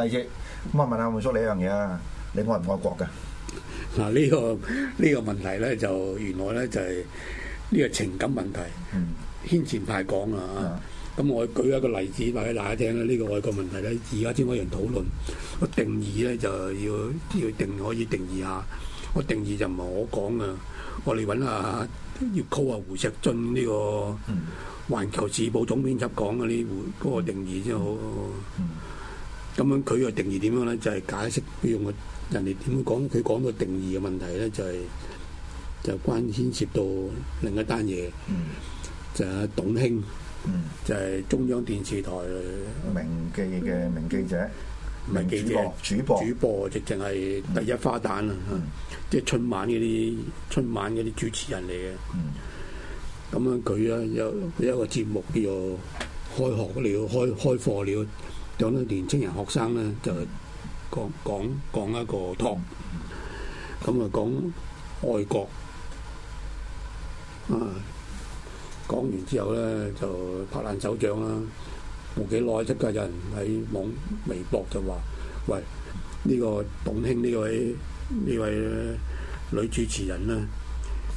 咁我問下吳叔你一樣嘢啊，你愛唔愛國㗎？嗱，呢個呢個問題咧就原來咧就係呢個情感問題。嗯，牽前排講啊嚇，咁我舉一個例子話俾大家聽啦。呢個愛國問題咧，而家先可以人討論。個定義咧就要要定可以定義下。個定義就唔係我講噶，我哋揾啊要 call 啊胡錫進呢個《環球時報》總編輯講嗰啲嗰個定義先好。嗯。咁樣佢個定義點樣咧？就係、係、解釋佢用嘅人哋點講佢講個定義嘅問題咧，就係、係、就關牽涉到另一單嘢。嗯，就係董卿，嗯，就係中央電視台名記嘅名記者，唔係記者，主播主播，直直係第一花旦啊！即係、嗯嗯、春晚嗰啲春晚嗰啲主持人嚟嘅。咁樣佢啊有有一個節目叫做開學了，開開、開課了。有啲年青人學生咧，就講講講一個 talk，咁啊講愛國啊，講完之後咧就拍爛手掌啦。冇幾耐出街，有人喺網微博就話，喂，呢個董卿呢位呢位女主持人啦，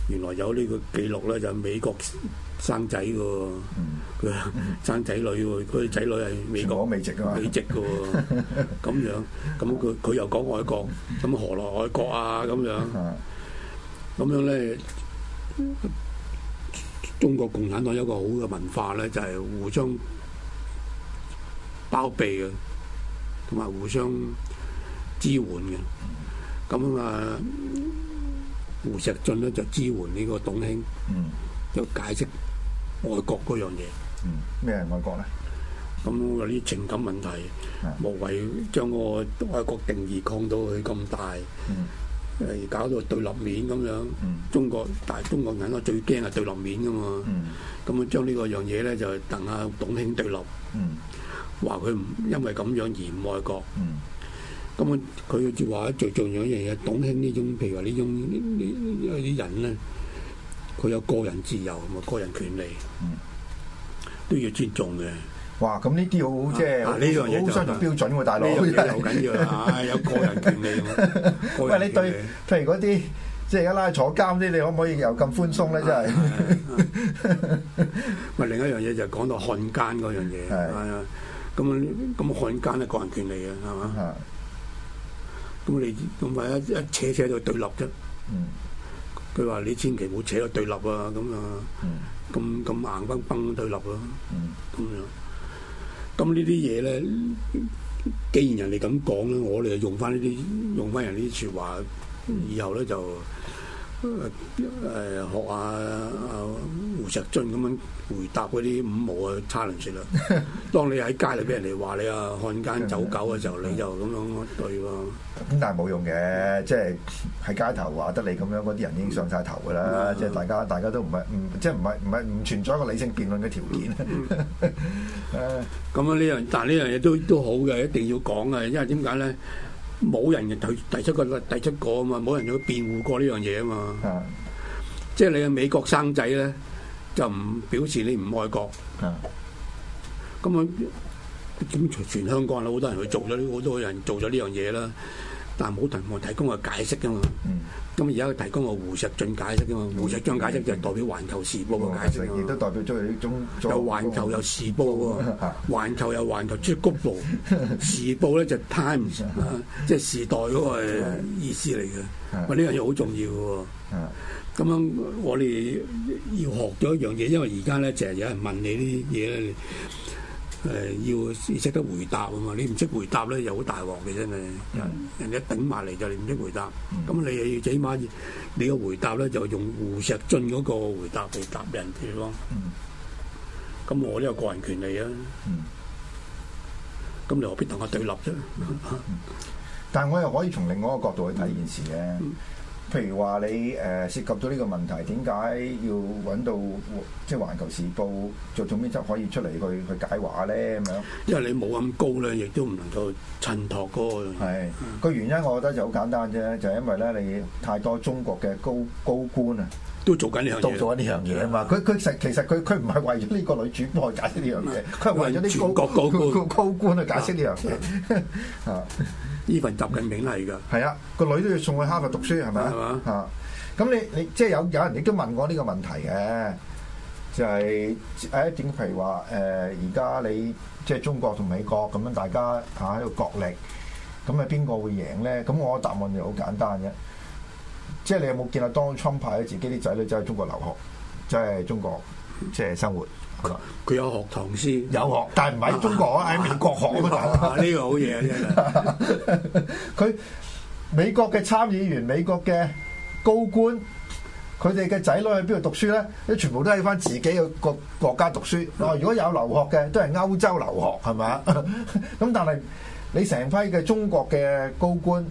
原來有呢個記錄咧，就係美國。生仔㗎喎，佢生仔女喎，佢仔女係美國美籍㗎喎，咁 樣咁佢佢又講愛國，咁何來愛國啊？咁樣，咁樣咧，中國共產黨有個好嘅文化咧，就係、是、互相包庇嘅，同埋互相支援嘅。咁啊，胡錫進咧就支援呢個董卿，就解釋。愛國嗰樣嘢，嗯，咩係愛國咧？咁有啲情感問題，嗯，無謂將個愛國定義擴到佢咁大，嗯，誒搞到對立面咁樣，嗯，中國但係中國人我最驚係對立面噶嘛，嗯，咁啊將呢個樣嘢咧就同阿董卿對立，嗯，話佢唔因為咁樣而唔愛國，嗯，咁佢就話最重要一樣嘢，董卿呢種譬如話呢種呢呢啲人咧。佢有個人自由同埋個人權利，都要尊重嘅。哇！咁呢啲好即係呢樣嘢好相對標準喎，大佬。好緊要啦，有個人權利咁。餵！你對，譬如嗰啲即係而家拉去坐監啲，你可唔可以又咁寬鬆咧？真係。咪另一樣嘢就係講到漢奸嗰樣嘢，係啊，咁咁漢奸係個人權利啊，係嘛？啊。咁你同埋一一扯扯就對立啫。嗯。佢話：你千祈唔好扯個對立啊，咁啊，咁咁硬崩崩對立咯，咁樣。咁呢啲嘢咧，既然人哋咁講咧，我哋就用翻呢啲，用翻人哋啲説話，以後咧就。誒學下阿胡錫進咁樣回答嗰啲五毛嘅 challenge 啦。當你喺街度俾人哋話你啊，漢奸走狗嘅時候，你就咁樣對喎。咁 但係冇用嘅，即係喺街頭話得你咁樣，嗰啲人已經上晒頭㗎啦。即係、嗯、大家、嗯、大家都唔係唔即係唔係唔係唔存在一個理性辯論嘅條件。咁、 嗯嗯 嗯、樣呢樣但係呢樣嘢都都好嘅，一定要講嘅，因為點解咧？冇人去提提出個提出個啊嘛，冇人去辯護過呢樣嘢啊嘛，即係你喺美國生仔咧，就唔表示你唔愛國，咁啊，咁全，全香港啦，好多人去做咗，好多人做咗呢樣嘢啦。但係冇提供、嗯、提供個解釋噶嘛？咁而家佢提供個胡錫進解釋嘅嘛？胡錫進解釋就係代表環球時報嘅解釋。亦都代表咗呢一種又環球有時報喎。環 球有環球即係局部 時報咧就 Times、 啊、即係時代嗰個意思嚟嘅。喂，呢樣嘢好重要嘅喎。咁樣 我哋要學咗一樣嘢，因為而家咧成日有人問你啲嘢咧。誒要識得回答啊嘛，你唔識回答咧，又好大鑊嘅真係，人哋一頂埋嚟就你唔識回答，咁、嗯、你又要最起碼你回個回答咧就用胡錫進嗰個回答嚟答人哋咯，咁、嗯、我都有個,個人權利啊，咁、嗯、你何必同我對立啫、嗯嗯？但係我又可以從另外一個角度去睇件事嘅。嗯譬如話你誒涉及到呢個問題，點解要揾到即係《環球時報》做做總編就可以出嚟去去解話咧咁樣？因為你冇咁高咧，亦都唔能夠襯托嗰個。係的、嗯、原因，我覺得就好簡單啫，就係、是、因為咧你太多中國嘅高高官啊，都做緊呢樣嘢，做緊呢樣嘢啊嘛。佢佢實其實佢佢唔係為咗呢個女主播解釋呢樣嘢，佢係、啊、為咗啲高高官、啊、高官去解釋呢樣嘢。啊 呢份習近平係㗎，係啊，個女都要送去哈佛讀書係咪啊？嚇！咁你你即係有有人亦都問過呢個問題嘅，就係誒一點譬如話誒，而、呃、家你即係、就是、中國同美國咁樣大家嚇喺度角力，咁啊邊個會贏咧？咁我答案就好簡單嘅，即、就、係、是、你有冇見到 Donald Trump 派咗自己啲仔女走去中國留學，即、就、係、是、中國，即係生活。佢有學唐詩，有學，但係唔係中國喺 美國學呢個好嘢啊，佢 美國嘅參議員、美國嘅高官，佢哋嘅仔女喺邊度讀書咧？你全部都喺翻自己嘅國國家讀書。哦，如果有留學嘅，都係歐洲留學，係咪？咁 但係你成批嘅中國嘅高官。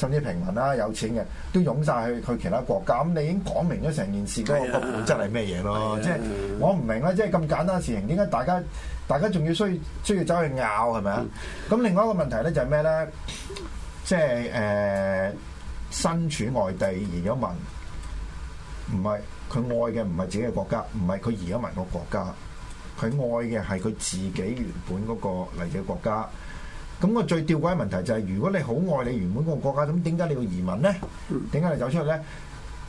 甚至平民啦、啊，有錢嘅都湧晒去去其他國家，咁你已經講明咗成件事嗰、啊、個本質係咩嘢咯？即係我唔明啦，即係咁簡單嘅事情，點解大家大家仲要需需要走去拗係咪啊？咁、嗯、另外一個問題咧就係咩咧？即係誒身處外地移咗民，唔係佢愛嘅唔係自己嘅國家，唔係佢移咗民嘅國家，佢愛嘅係佢自己原本嗰、嗰個嚟嘅國家。咁個最吊詭問題就係，如果你好愛你原本個國家，咁點解你要移民咧？點解你走出去咧？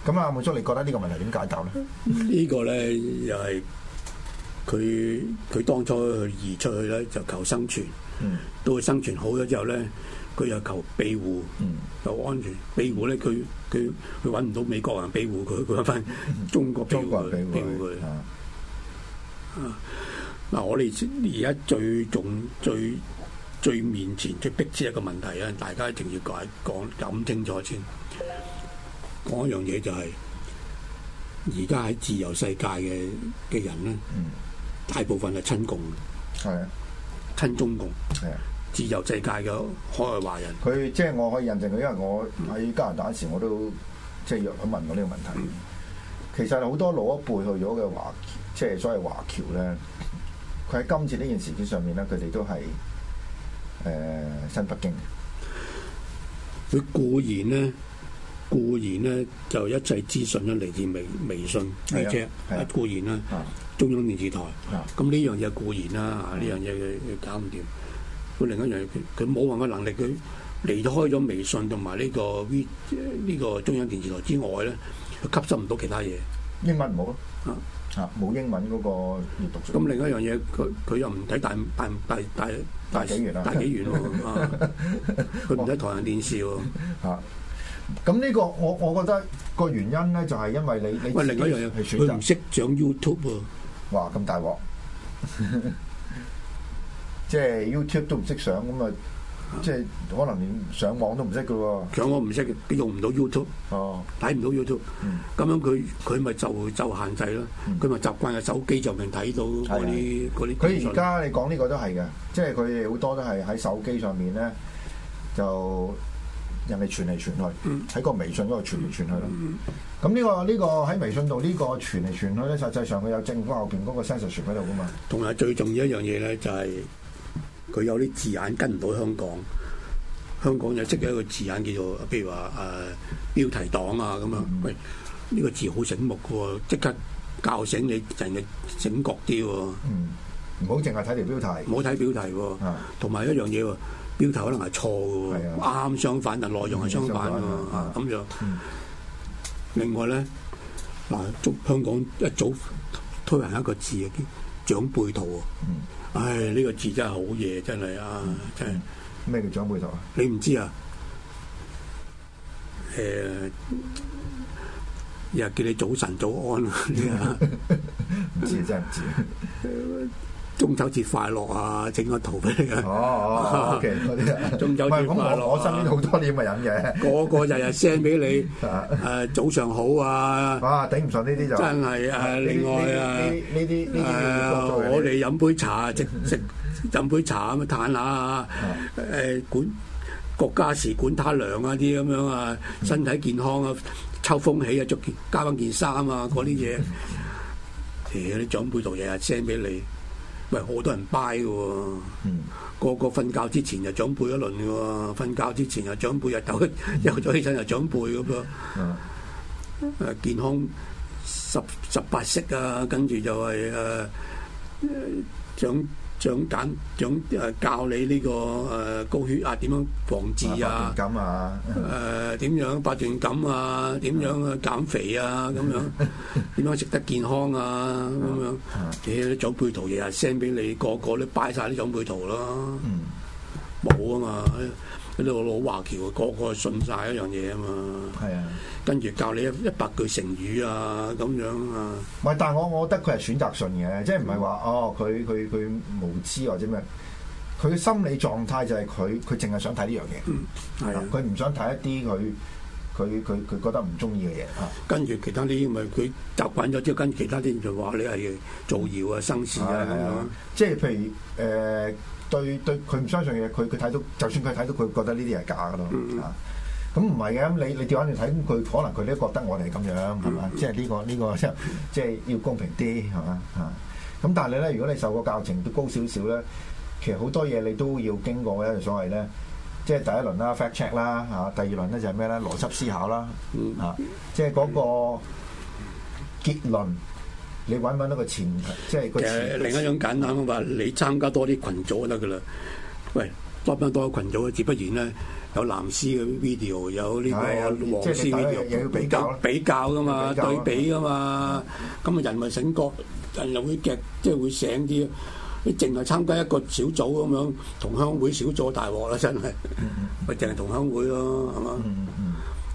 咁啊，阿木叔，你覺得呢個問題點解答咧？個呢個咧又係佢佢當初移出去咧就求生存，都、嗯、生存好咗之後咧，佢又求庇護，有、嗯、安全庇護咧，佢佢佢揾唔到美國人庇護佢，佢翻中國庇護中國人庇護佢。嗱、啊啊，我哋而家最重最，最最面前最迫切一個問題啊！大家一定要講講講清楚先。講一樣嘢就係、是，而家喺自由世界嘅嘅人咧，大部分係親共嘅，係啊的，親中共係啊。的自由世界嘅海外華人，佢即係我可以印證佢，因為我喺加拿大時我都即係弱咁問過呢個問題。嗯、其實好多老一輩去咗嘅華即係所謂華僑咧，佢喺今次呢件事件上面咧，佢哋都係。誒、呃，新北京，佢固然咧，固然咧就一切資訊都嚟自微微信，啊、而且、啊、固然啦，啊、中央電視台，咁呢、啊、樣嘢固然啦、啊，呢、啊、樣嘢搞唔掂。佢、嗯、另一樣，佢佢冇話佢能力，佢離開咗微信同埋呢個 V 呢個中央電視台之外咧，佢吸收唔到其他嘢，英文唔好咯。啊啊！冇英文嗰個閲讀書。咁、嗯、另一樣嘢，佢佢又唔睇大大大大大紀元啊？大紀元佢唔睇台灣電視喎、啊。咁呢、啊這個我我覺得個原因咧，就係、是、因為你你喂另一樣嘢係選擇佢唔識上 YouTube、啊、哇！咁大鑊，即係 YouTube 都唔識上咁啊！即係可能連上網都唔識嘅喎，上網唔識，佢用唔到 YouTube，睇唔、哦、到 YouTube、嗯。咁樣佢佢咪就就限制咯，佢咪、嗯、習慣喺手，手機上面睇到啲啲。佢而家你講呢個都係嘅，即係佢哋好多都係喺手機上面咧，就人哋傳嚟傳去，喺、嗯、個微信嗰度傳嚟傳去咯。咁呢、嗯呢個呢、呢個喺微信度呢個傳嚟傳去咧，實際上佢有政府後邊嗰個 central 傳喺度嘅嘛。同埋最重要一樣嘢咧，就係、是。佢有啲字眼跟唔到香港，香港就即係一個字眼叫做，譬如話誒、呃、標題黨啊咁樣，mm hmm. 喂呢、呢個字好醒目嘅喎，即刻教醒你人嘅醒覺啲喎。唔好淨係睇條標題。唔好睇標題喎，同埋、uh huh. 一樣嘢喎，標題可能係錯喎，啱、uh huh. 相反，但內容係相反喎，咁、uh huh. 就、uh huh. 另外咧嗱，祝、啊、香港一早推行一個字啊，叫長輩圖。唉！呢、這個字真係好嘢，真係啊！真係咩叫長輩座啊？你唔知啊？誒，又叫你早晨早安啊！唔知真係唔知。 中秋節快樂啊！整個圖俾你啊～哦，OK 嗰啲中秋節快樂啊！唔係咁，我我身邊好多僆咪飲嘅。個個日日 send 俾你誒早上好啊！哇，頂唔順呢啲就真係誒，另外誒呢啲呢啲誒，我哋飲杯茶，即即飲杯茶咁樣歎下啊誒管國家事，管他娘啊啲咁樣啊，身體健康啊，秋風起啊，著加翻件衫啊，嗰啲嘢誒，啲長輩同日日 send 俾你。喂，好多人拜嘅喎、啊，嗯、個個瞓覺之前就長輩一輪嘅喎、啊，瞓覺之前又長輩，日頭、嗯、 又早起身又長輩咁樣、啊，誒、啊、健康十十八式啊，跟住就係誒、啊呃、長。想減長誒教你呢個誒高血壓點樣防治啊？八段錦啊！誒點樣八段錦啊？點、呃、樣去、啊嗯、減肥啊？咁、嗯、樣點、嗯、樣食得健康啊？咁樣啲、嗯嗯、長輩圖日日 send 俾你，個個都擺晒啲長輩圖啦。冇啊嘛，喺啲、嗯、老華僑個個信晒一樣嘢啊嘛。係、嗯嗯、啊。跟住教你一一百句成語啊，咁樣啊。唔係，但係我我覺得佢係選擇性嘅，即係唔係話哦，佢佢佢無知或者咩？佢嘅心理狀態就係佢佢淨係想睇呢樣嘢。嗯，係啊。佢唔想睇一啲佢佢佢佢覺得唔中意嘅嘢啊。跟住其他啲咪佢習慣咗，即係跟住其他啲就話你係造謠啊、生事啊咁樣、係啊、即係譬如誒、呃，對對，佢唔相信嘅嘢，佢佢睇到，就算佢睇到，佢覺得呢啲係假嘅咯啊。嗯咁唔係嘅，咁、嗯、你你調翻轉睇，佢可能佢都覺得我哋咁樣係嘛、嗯這個這個，即係呢個呢個即係即係要公平啲係嘛嚇。咁、嗯、但係你咧，如果你受過教程都高少少咧，其實好多嘢你都要經過嘅。個所謂咧，即係第一輪啦 fact check 啦嚇，第二輪咧就係咩咧邏輯思考啦嚇、嗯啊，即係嗰個結論，你揾揾一個前提，即係。誒實前另一種簡單嘅方法，你參加多啲群組得㗎啦。喂，多翻多啲群組啊，自不然咧。有藍絲嘅 video，有呢個黃絲 video，比較比較噶嘛，對比噶嘛，咁啊人咪醒覺，人又會夾，即係會醒啲。你淨係參加一個小組咁樣，同鄉會小組大鑊啦，真係。咪淨係同鄉會咯，係嘛？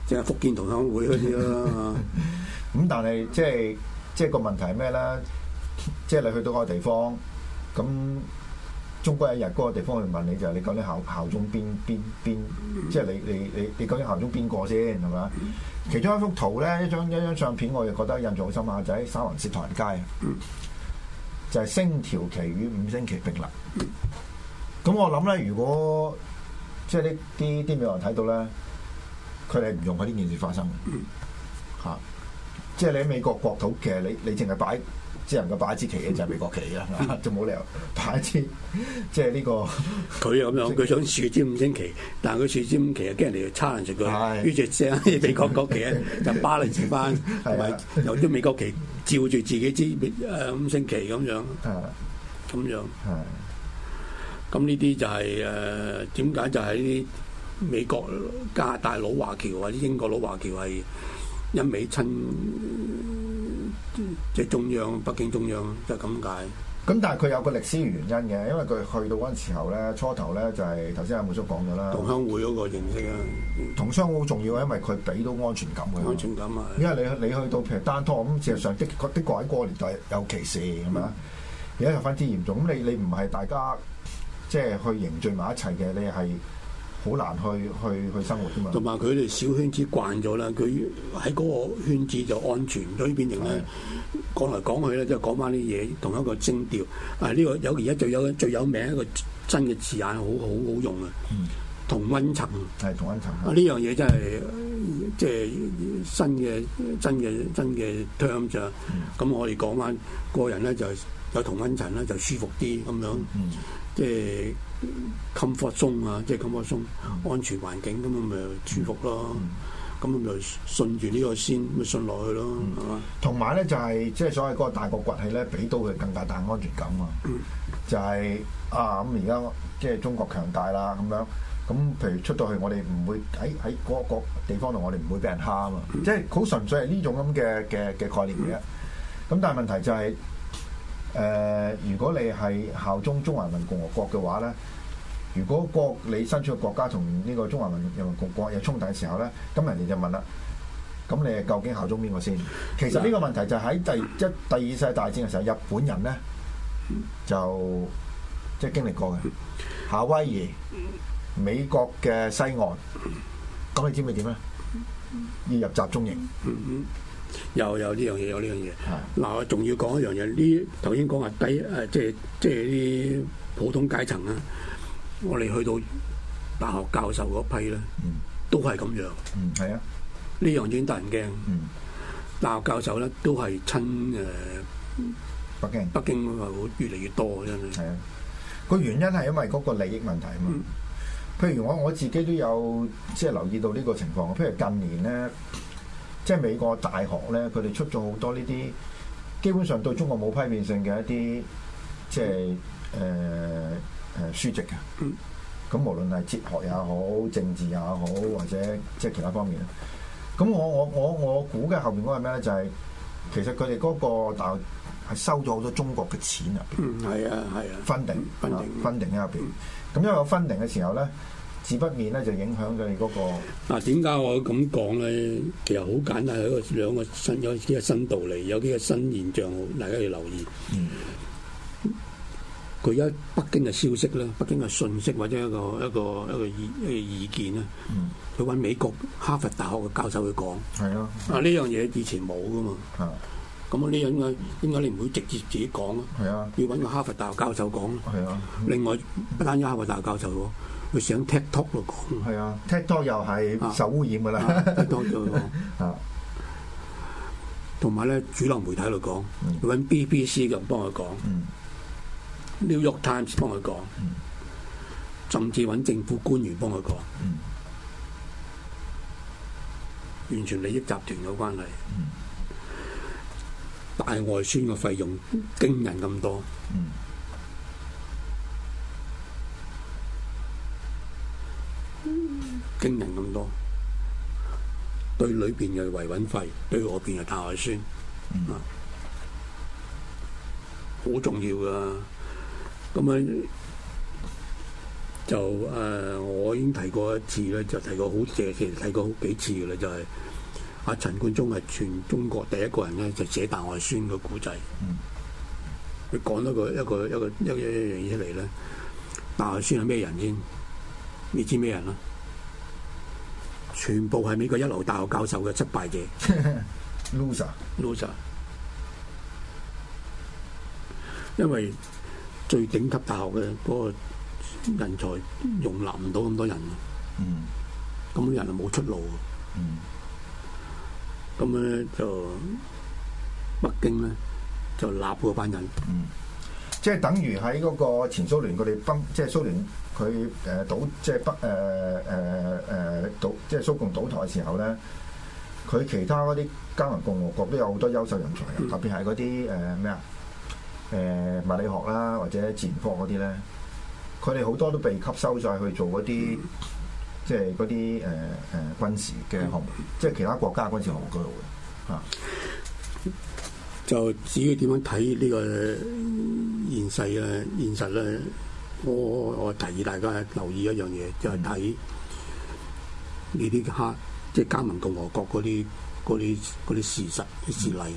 即係福建同鄉會嗰啲咯，咁但係即係即係個問題係咩咧？即係你去到個地方咁。中國一日嗰個地方去問你，就係你究竟效效忠邊邊邊，即係你你你你究竟效忠邊個先係嘛？其中一幅圖咧，一張一張相片，我亦覺得印象好深啊！就喺、是、三藩市唐人街，就係、是、星條旗與五星旗並立。咁我諗咧，如果即係啲啲美國人睇到咧，佢哋唔用喺呢件事發生嚇、啊。即係你喺美國國土其實，你你淨係擺。只能夠擺支旗嘅就係美國旗啦，就冇理由擺支即係呢、這個。佢咁 樣，佢想樹支五星旗，但係佢樹支五星旗啊，驚人哋叉爛住佢。於是隻美國國旗咧就巴你住翻，同埋由啲美國旗照住自己支誒五星旗咁樣，咁、啊、樣。咁呢啲就係誒點解就喺美國加大老華僑或者英國老華僑係一味親。即中央，北京中央都係咁解。咁、就是、但係佢有個歷史原因嘅，因為佢去到嗰陣時候咧，初頭咧就係頭先阿沐叔講咗啦，同鄉會嗰個形式啊，嗯、同鄉會好重要，因為佢俾到安全感嘅安全感啊。因為你你去到譬如單拖咁，事實上的確的確喺嗰年代有歧視咁樣，而家十分之嚴重。咁你你唔係大家即係、就是、去凝聚埋一齊嘅，你係。好難去去去生活㗎嘛，同埋佢哋小圈子慣咗啦，佢喺嗰個圈子就安全咗啲，變成咧講嚟講去咧，就講翻啲嘢同一個聲調。啊，呢個有而家最有最有名一個新嘅字眼，好好好用啊。同溫層。係同溫層。啊，呢樣嘢真係即係新嘅、真嘅、真嘅 term 就，咁我哋講翻個人咧就有同溫層咧就舒服啲咁樣，即係。comfort zone 啊，即係 comfort zone 安全環境咁啊，咪舒服咯。咁啊，咪順住呢個先，咪順落去咯。同埋咧，就係即係所謂嗰個大國崛起咧，俾到佢更加大嘅安全感、嗯就是、啊。就係啊，咁而家即係中國強大啦，咁樣咁，譬如出到去我，我哋唔會喺喺嗰個地方度，我哋唔會俾人蝦啊。即係好純粹係呢種咁嘅嘅嘅概念嚟啊。咁、嗯嗯、但係問題就係、是。誒、呃，如果你係效忠中華人民共和國嘅話咧，如果國你身處嘅國家同呢個中華人民共和國有衝突嘅時候咧，咁人哋就問啦，咁你究竟效忠邊個先？其實呢個問題就喺第一、第二世大戰嘅時候，日本人咧就即係經歷過嘅夏威夷、美國嘅西岸，咁你知唔知點啊？要入集中營。又有呢樣嘢，有呢樣嘢。嗱，我仲要講一樣嘢，呢頭先講下低誒，即係即係啲普通階層啦。我哋去到大學教授嗰批咧，都係咁樣。嗯，係啊，呢樣已經得人驚。嗯，大學教授咧都係親誒北京。北京會越嚟越多真、嗯，真係。係啊，個原因係因為嗰個利益問題啊嘛、嗯。譬如我我自己都有即係留意到呢個情況，譬如近年咧。即係美國大學咧，佢哋出咗好多呢啲，基本上對中國冇批評性嘅一啲，即係誒誒書籍嘅。咁、嗯、無論係哲學也好、政治也好，或者即係其他方面，咁我我我我估嘅後面嗰個係咩咧，就係、是、其實佢哋嗰個大學係收咗好多中國嘅錢、嗯、啊。嗯，啊，係啊。Funding Funding Funding 喺入邊。咁、啊啊啊、因為 Funding 嘅時候咧。視不免咧，就影響咗你嗰個。嗱，點解我咁講咧？其實好簡單，係一個兩個新，有幾個新道理，有幾個新現象，大家要留意。嗯。佢而家北京嘅消息咧，北京嘅信息或者一個一個一個意誒意見咧。嗯。去揾美國哈佛大學嘅教授去講。係咯。啊！呢樣嘢以前冇噶嘛。係。咁啊？呢樣嘢點解你唔會直接自己講咧？係啊。要揾個哈佛大學教授講。係啊。另外不單止哈佛大學教授佢想 TikTok 咯，係啊，TikTok、ok、又係受污染噶啦，TikTok 同埋咧主流媒體喺度講，搵 BBC 咁幫佢講，New York Times 幫佢講，嗯、甚至搵政府官員幫佢講，嗯、完全利益集團嘅關係，嗯、大外宣嘅費用驚人咁多。嗯嗯驚人咁多，對裏邊嘅維穩費，對外邊嘅大外宣啊，好重要噶。咁樣就誒，我已經提過一次咧，就提過好，即係其實提過好幾次噶啦，就係阿陳冠中係全中國第一個人咧，就寫大外宣嘅古仔。佢你講咗個一個一個一一樣嘢出嚟，咧，大外宣係咩人先？你知咩人啦？全部係美國一流大學教授嘅失敗者 loser，loser，因為最頂級大學嘅嗰個人才容納唔到咁多人，嗯，咁啲人係冇出路，咁咧、mm. 就北京咧就立嗰班人，嗯。Mm. 即係等於喺嗰個前蘇聯，佢哋崩，即係蘇聯佢誒倒，即係北，誒誒誒倒，即係蘇共倒台嘅時候咧，佢其他嗰啲加盟共和國都有好多優秀人才，特別係嗰啲誒咩啊誒物理學啦或者自然科嗰啲咧，佢哋好多都被吸收晒去做嗰啲、嗯、即係嗰啲誒誒軍事嘅項目，嗯、即係其他國家軍事項目度嘅嚇。嗯、就至於點樣睇呢個？細咧，現實咧，我我，我提議大家留意一樣嘢，就係睇呢啲黑，即係加盟共和國嗰啲啲啲事實事例。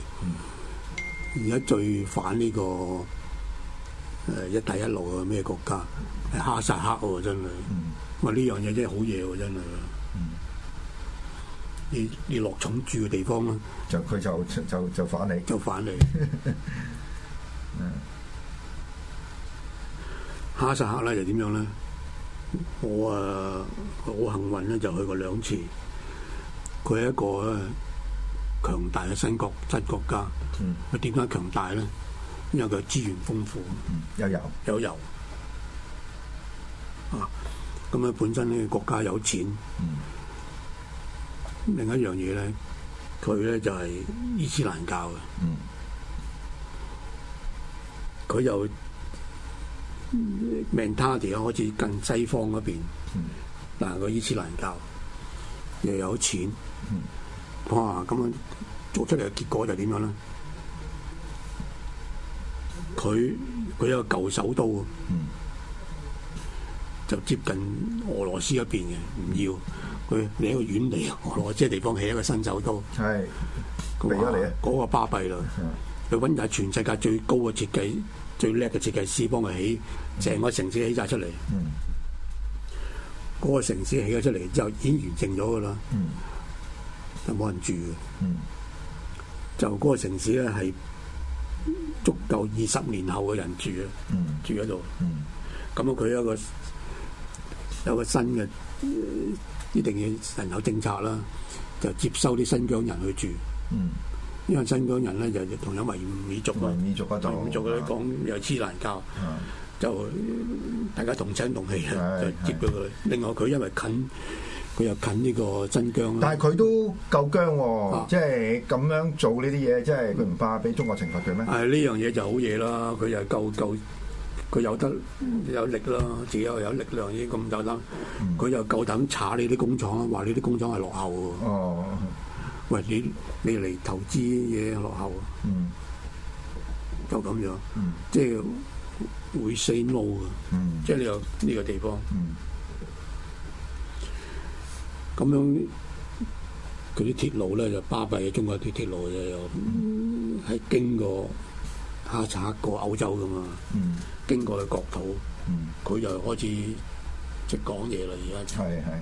而家、嗯嗯、最反呢、呢個誒、呃、一帶一路嘅咩國家係、嗯、哈薩克喎，真係。咁呢樣嘢真係好嘢喎，真係。嗯、你你落重注嘅地方咧，就佢就就就反嚟。就反你。 哈薩克咧又點樣咧？我啊好、呃、幸運咧，就去過兩次。佢係一個咧強大嘅新國新國家，佢點解強大咧？因為佢資源豐富，嗯、有油有油啊！咁啊，本身呢個國家有錢。嗯、另一樣嘢咧，佢咧就係伊斯蘭教嘅。佢又、嗯。mental 啲啊，好似近西方嗰邊，嗯、但係個伊斯蘭教又有錢，嗯、哇！咁樣做出嚟嘅結果就點樣咧？佢佢有一個舊首都，嗯、就接近俄羅斯嗰邊嘅，唔要佢，另一個遠離俄羅斯嘅地方起一個新首都，係咁嚟啊！嗰、嗰個巴閉啦，佢搵住全世界最高嘅設計。最叻嘅設計師幫佢起成、嗯、個城市起晒出嚟，嗰、嗯、個城市起咗出嚟之後已經完成咗噶啦，就冇、嗯、人住嘅，嗯、就嗰個城市咧係足夠二十年後嘅人住啊，嗯、住喺度。咁佢、嗯嗯、有一個有一個新嘅，一定要人口政策啦，就接收啲新疆人去住。嗯嗯因為新疆人咧就同樣為維吾爾族咯，維吾爾族嗰啲講又黐難教，就大家同聲同氣就接咗佢。另外佢因為近，佢又近呢個新疆。但係佢都夠僵喎，即係咁樣做呢啲嘢，即係佢唔怕俾中國懲罰佢咩？係呢樣嘢就好嘢啦，佢又夠夠，佢有得有力啦，自己又有力量，已經咁夠膽。佢又夠膽查你啲工廠啊，話你啲工廠係落後嘅。哦。喂，你你嚟投資嘢落後，嗯、就咁樣，嗯、即係會死路嘅，嗯、即係你有呢個地方。咁、嗯、樣佢啲鐵路咧就巴閉嘅，中國啲鐵路又係、嗯、經過下察過歐洲噶嘛，嗯、經過佢國土，佢、嗯、就開始即講嘢啦，而家。係係。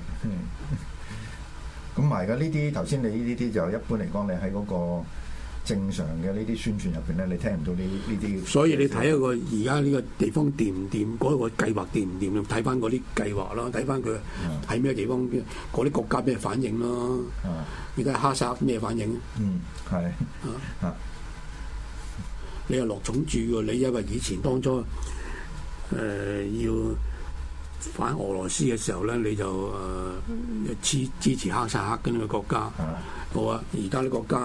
咁埋噶呢啲，頭先你呢啲就一般嚟講，你喺嗰個正常嘅呢啲宣傳入邊咧，你聽唔到呢呢啲。所以你睇下個而家呢個地方掂唔掂，嗰、嗰個計劃掂唔掂，睇翻嗰啲計劃咯，睇翻佢喺咩地方，嗰啲、嗯、國家咩反應咯。睇下哈薩咩反應？嗯，係、嗯、啊 你又落重注喎！你因為以前當初誒、呃、要，反俄羅斯嘅時候咧，你就誒支、呃嗯、支持哈薩克咁嘅國家，好啊、嗯！而家啲國家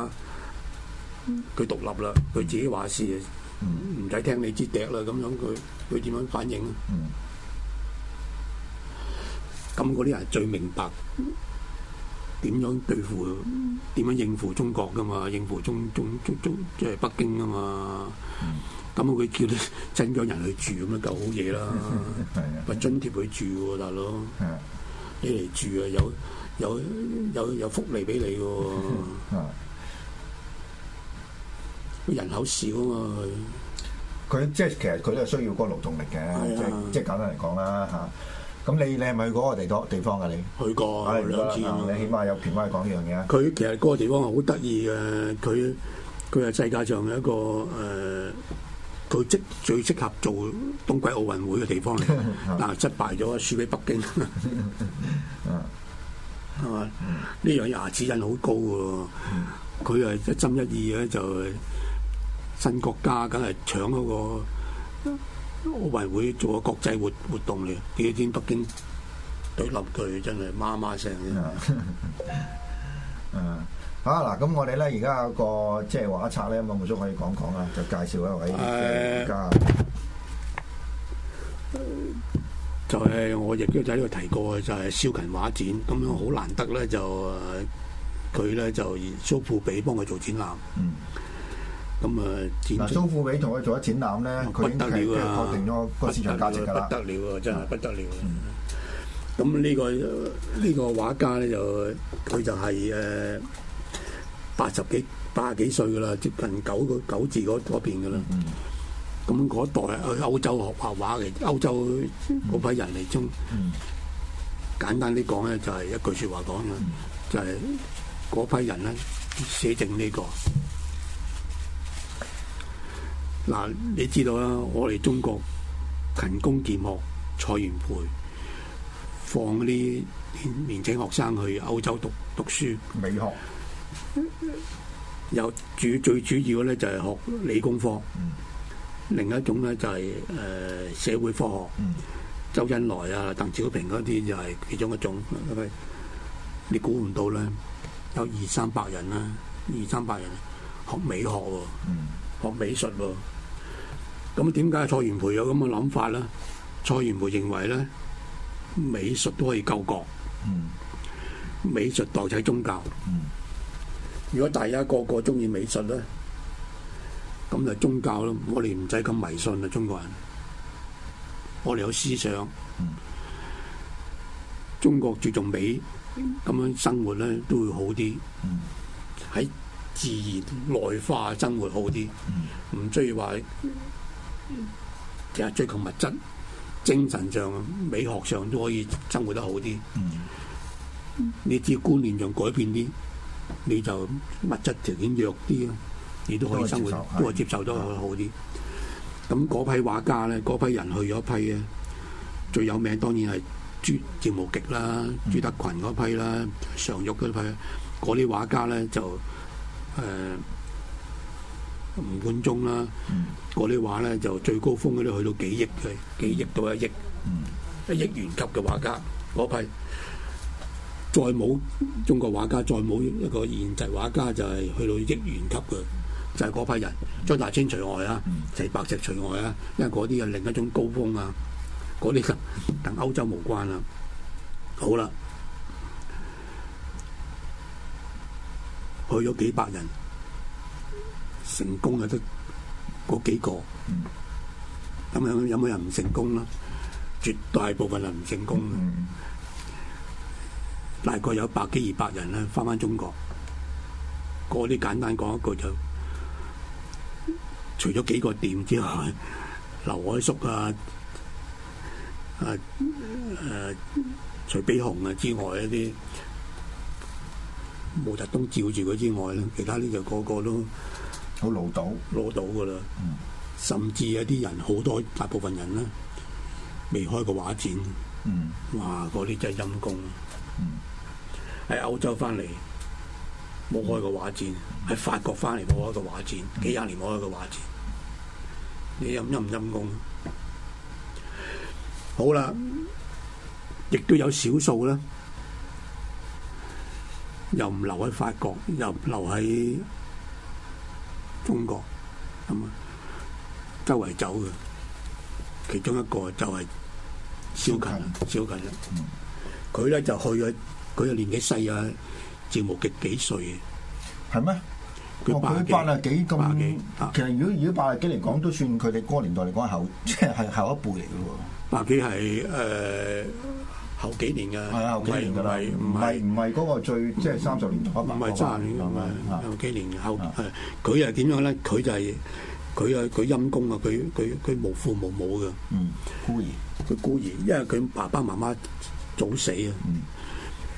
佢、嗯、獨立啦，佢、嗯、自己話事，唔唔使聽你支笛啦，咁樣佢佢點樣反應？咁嗰啲人最明白點樣對付，點、嗯、樣應付中國噶嘛？應付中中中中即係北京噶嘛？嗯咁佢叫你增加人去住咁啊，夠好嘢啦。咪津貼佢住，大佬你嚟住啊！有有有有福利俾你嘅。人口少啊嘛。佢即係其實佢都需要嗰個勞動力嘅，即係即係簡單嚟講啦嚇。咁你你係咪去嗰個地多地方啊？你去過，你都知你起碼有評翻佢講呢樣嘢。佢其實嗰個地方係好得意嘅。佢佢係世界上嘅一個誒。佢即最適合做冬季奧運會嘅地方嚟，但係失敗咗，輸俾北京。係 嘛、啊？呢樣、嗯、牙齒印好高嘅喎，佢係一針一意咧，就新國家梗係搶嗰個奧運會做個國際活活動嚟。幾天北京對立佢真係媽媽聲嘅、嗯。嗯。嗯。啊嗱，咁我哋咧而家有個即係畫冊咧，我冇足可以講講啦，就介紹一位畫家，啊、就係、是、我亦都喺呢度提過，就係、是、蕭勤畫展，咁樣好難得咧，就佢咧就蘇富比幫佢做展覽，咁、嗯嗯、啊展，嗱蘇富比同佢做咗展覽咧，佢已經係確定咗個市場價值噶啦，不得了啊，真係不得了，咁呢、嗯嗯呢個呢、呢個畫家咧就佢就係、是、誒。呃八十幾、八啊幾歲噶啦，接近九個九字嗰嗰邊噶啦。咁嗰、嗯、一代去歐洲學畫畫嚟，歐洲嗰批人嚟中，嗯、簡單啲講咧，就係、是、一句話說話講啦，嗯、就係嗰批人咧寫正呢、這個。嗱、啊，你知道啦，我哋中國勤工儉學，蔡元培放嗰啲年輕學生去歐洲讀讀書，美學。有主最主要嘅咧就係學理工科，嗯、另一種咧就係誒、呃、社會科學。嗯、周恩來啊、鄧小平嗰啲就係其中一種。你估唔到啦，有二三百人啦，二三百人學美學喎、啊，嗯、學美術喎。咁點解蔡元培有咁嘅諗法咧？蔡元培認為咧，美術都可以救國。嗯、美術代替宗教。嗯如果大家個個中意美術咧，咁就宗教咯。我哋唔使咁迷信啦，中國人。我哋有思想，中國注重美，咁樣生活咧都會好啲。喺自然內化生活好啲，唔需要話其實追求物質，精神上、美學上都可以生活得好啲。你只要觀念上改變啲。你就物質條件弱啲咯，你都可以生活，都係接受咗好啲。咁嗰的批畫家咧，嗰批人去咗一批咧，最有名當然係朱趙無極啦、嗯、朱德群嗰批啦、常玉嗰批，嗰啲畫家咧就誒、呃、吳冠中啦，嗰啲、嗯、畫咧就最高峰嗰啲去到幾億嘅，幾億到一億，嗯、一億元級嘅畫家嗰批。再冇中國畫家，再冇一個現代畫家就係去到億元級嘅，就係嗰批人，張大千除外啦，齊白石除外啦，因為嗰啲又另一種高峰啊，嗰啲同同歐洲無關啦。好啦，去咗幾百人，成功嘅都嗰幾個，咁有有冇人唔成功啦？絕大部分係唔成功嘅。大概有百幾二百人啦，翻翻中國。嗰啲簡單講一句就，除咗幾個店之外，劉海粟啊、啊、誒、啊、徐悲鴻啊之外一啲，毛澤東照住佢之外咧，其他咧就個個都好攞到攞到噶啦。嗯，甚至有啲人好多大部分人咧，未開過畫展。嗯，哇！嗰啲真係陰功。嗯。喺歐洲翻嚟，冇開過畫展；喺法國翻嚟冇開過畫展，幾廿年冇開過畫展。你有唔有唔陰功？好啦，亦都有少數啦，又唔留喺法國，又唔留喺中國咁啊，周圍走嘅。其中一個就係肖勤啦，肖勤啦。佢咧、嗯、就去咗。佢又年紀細啊，趙無極幾歲啊？係咩？佢八啊幾咁？其實如果如果八啊幾嚟講，都算佢哋嗰個年代嚟講係後，即係係後一輩嚟嘅。八幾係誒後幾年嘅？係啊，後幾年噶啦，唔係唔係嗰個最即係三十年代啊？唔係三十年代啊，後幾年後係佢又點樣咧？佢就係佢啊！佢陰公啊！佢佢佢冇父冇母嘅，嗯，孤兒，佢孤兒，因為佢爸爸媽媽早死啊。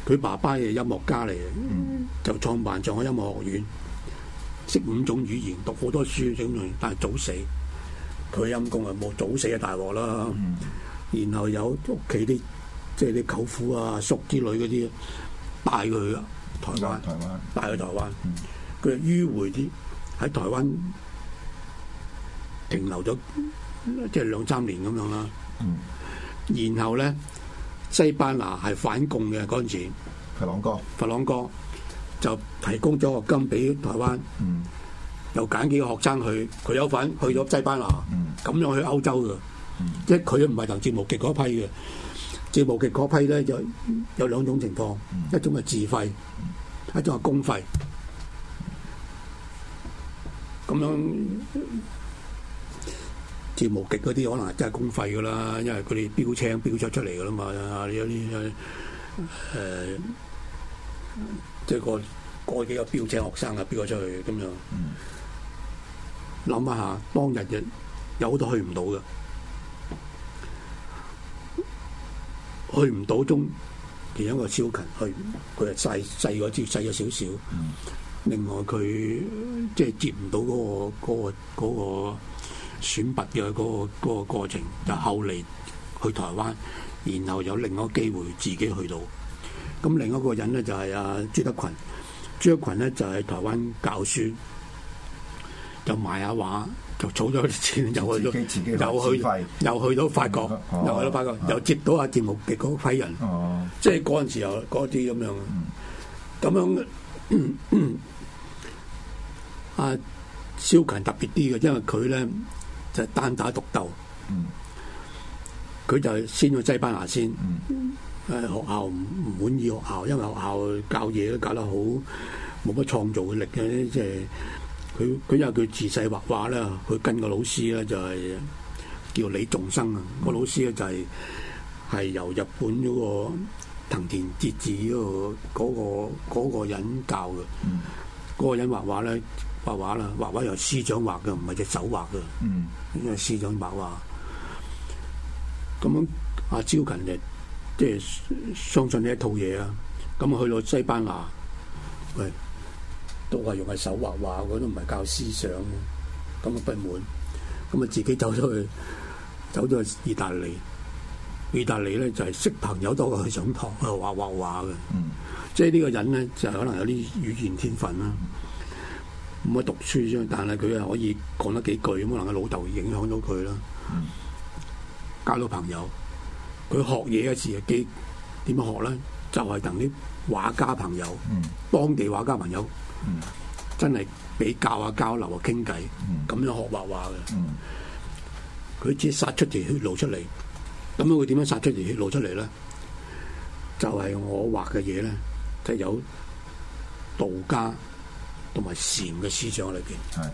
佢爸爸係音樂家嚟，嗯、就創辦上海音樂學院，識五種語言，讀好多書咁樣，但係早死，佢陰公啊冇早死嘅大鑊啦。嗯、然後有屋企啲，即係啲舅父啊、叔之類嗰啲，帶佢去，台灣，帶去台灣，佢迂回啲喺台灣停留咗即係兩三年咁樣啦。嗯、然後咧。西班牙係反共嘅嗰陣時，佛朗哥，佛朗哥就提供咗個金俾台灣，嗯、又揀幾個學生去，佢有份去咗西班牙，咁、嗯、樣去歐洲嘅，嗯、即係佢唔係同趙慕傑嗰批嘅，趙慕傑嗰批咧就有兩種情況，嗯、一種係自費，嗯、一種係公費，咁樣。節目極嗰啲可能係真係公費噶啦，因為佢哋標青標咗出嚟噶啦嘛，你有啲誒，即係個嗰幾個標青學生啊，標咗出去。咁樣。諗一下，當日有好多去唔到嘅，去唔到中，其中一個超勤，去，佢係細細個超細咗少少。另外佢即係接唔到嗰個嗰嗰個。嗰個嗰個選拔嘅嗰個嗰過程，就後嚟去台灣，然後有另一個機會自己去到。咁另一個人呢，就係阿朱德群，朱德群呢，就喺台灣教書，就賣下畫，就儲咗啲錢，又去咗，又去又去到法國，又去到法國，又接到阿節目嘅嗰批人，哦、即係嗰陣時又嗰啲咁樣。咁樣阿蕭勤特別啲嘅，因為佢咧。就係單打獨鬥，佢、嗯、就係先去西班牙先。誒、嗯嗯、學校唔滿意學校，因為學校教嘢都教得好冇乜創造嘅力嘅，即係佢佢因為佢自細畫畫啦，佢跟個老師咧就係、是、叫李仲生啊，個老師咧就係、是、係由日本嗰個藤田節子嗰、那個嗰、那個那個人教嘅，嗰、嗯、個人畫畫咧。畫畫啦，畫畫由師長畫嘅，唔係隻手畫嘅。嗯，因為師長畫畫。咁樣阿招勤力，即係、就是、相信呢一套嘢啊。咁去到西班牙，喂，都係用係手畫畫，嗰都唔係教思想。咁啊不滿，咁啊自己走出去，走咗去意大利。意大利咧就係、是、識朋友多過去上堂，佢係畫畫畫嘅。嗯，即係呢個人咧就係、可能有啲語言天分啦。嗯咁啊，讀書啫，但係佢又可以講得幾句，咁可能個老豆影響到佢啦。嗯、交到朋友，佢學嘢嘅時啊，幾點樣學咧？就係同啲畫家朋友，嗯、當地畫家朋友，嗯、真係比較下交流啊，傾偈，咁、嗯、樣學畫畫嘅。佢隻殺出條血路出嚟，咁樣佢點樣殺出條血路出嚟咧？就係、是、我畫嘅嘢咧，就是、有道家。同埋禪嘅思想裏邊，係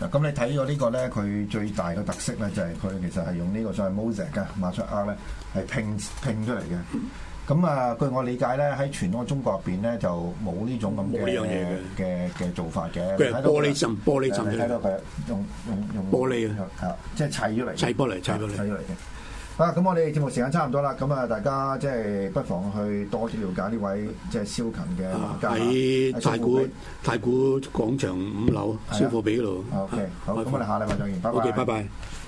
嗱，咁你睇咗呢個咧，佢最大嘅特色咧就係佢其實係用呢個所謂 mosaic 嘅馬賽克咧，係拼拼出嚟嘅。咁啊，據我理解咧，喺全個中國入邊咧就冇呢種咁嘅嘢嘅嘅做法嘅。玻璃層，玻璃層嚟用用用玻璃啊，即係砌咗嚟砌玻璃，砌玻璃砌出嚟嘅。啊，咁我哋節目時間差唔多啦，咁啊大家即係不妨去多啲了解呢位即係蕭勤嘅喺太古太古廣場五樓蘇富比嗰度。OK，、啊、好，咁放我哋下禮拜再見。OK，拜拜。Okay, bye bye.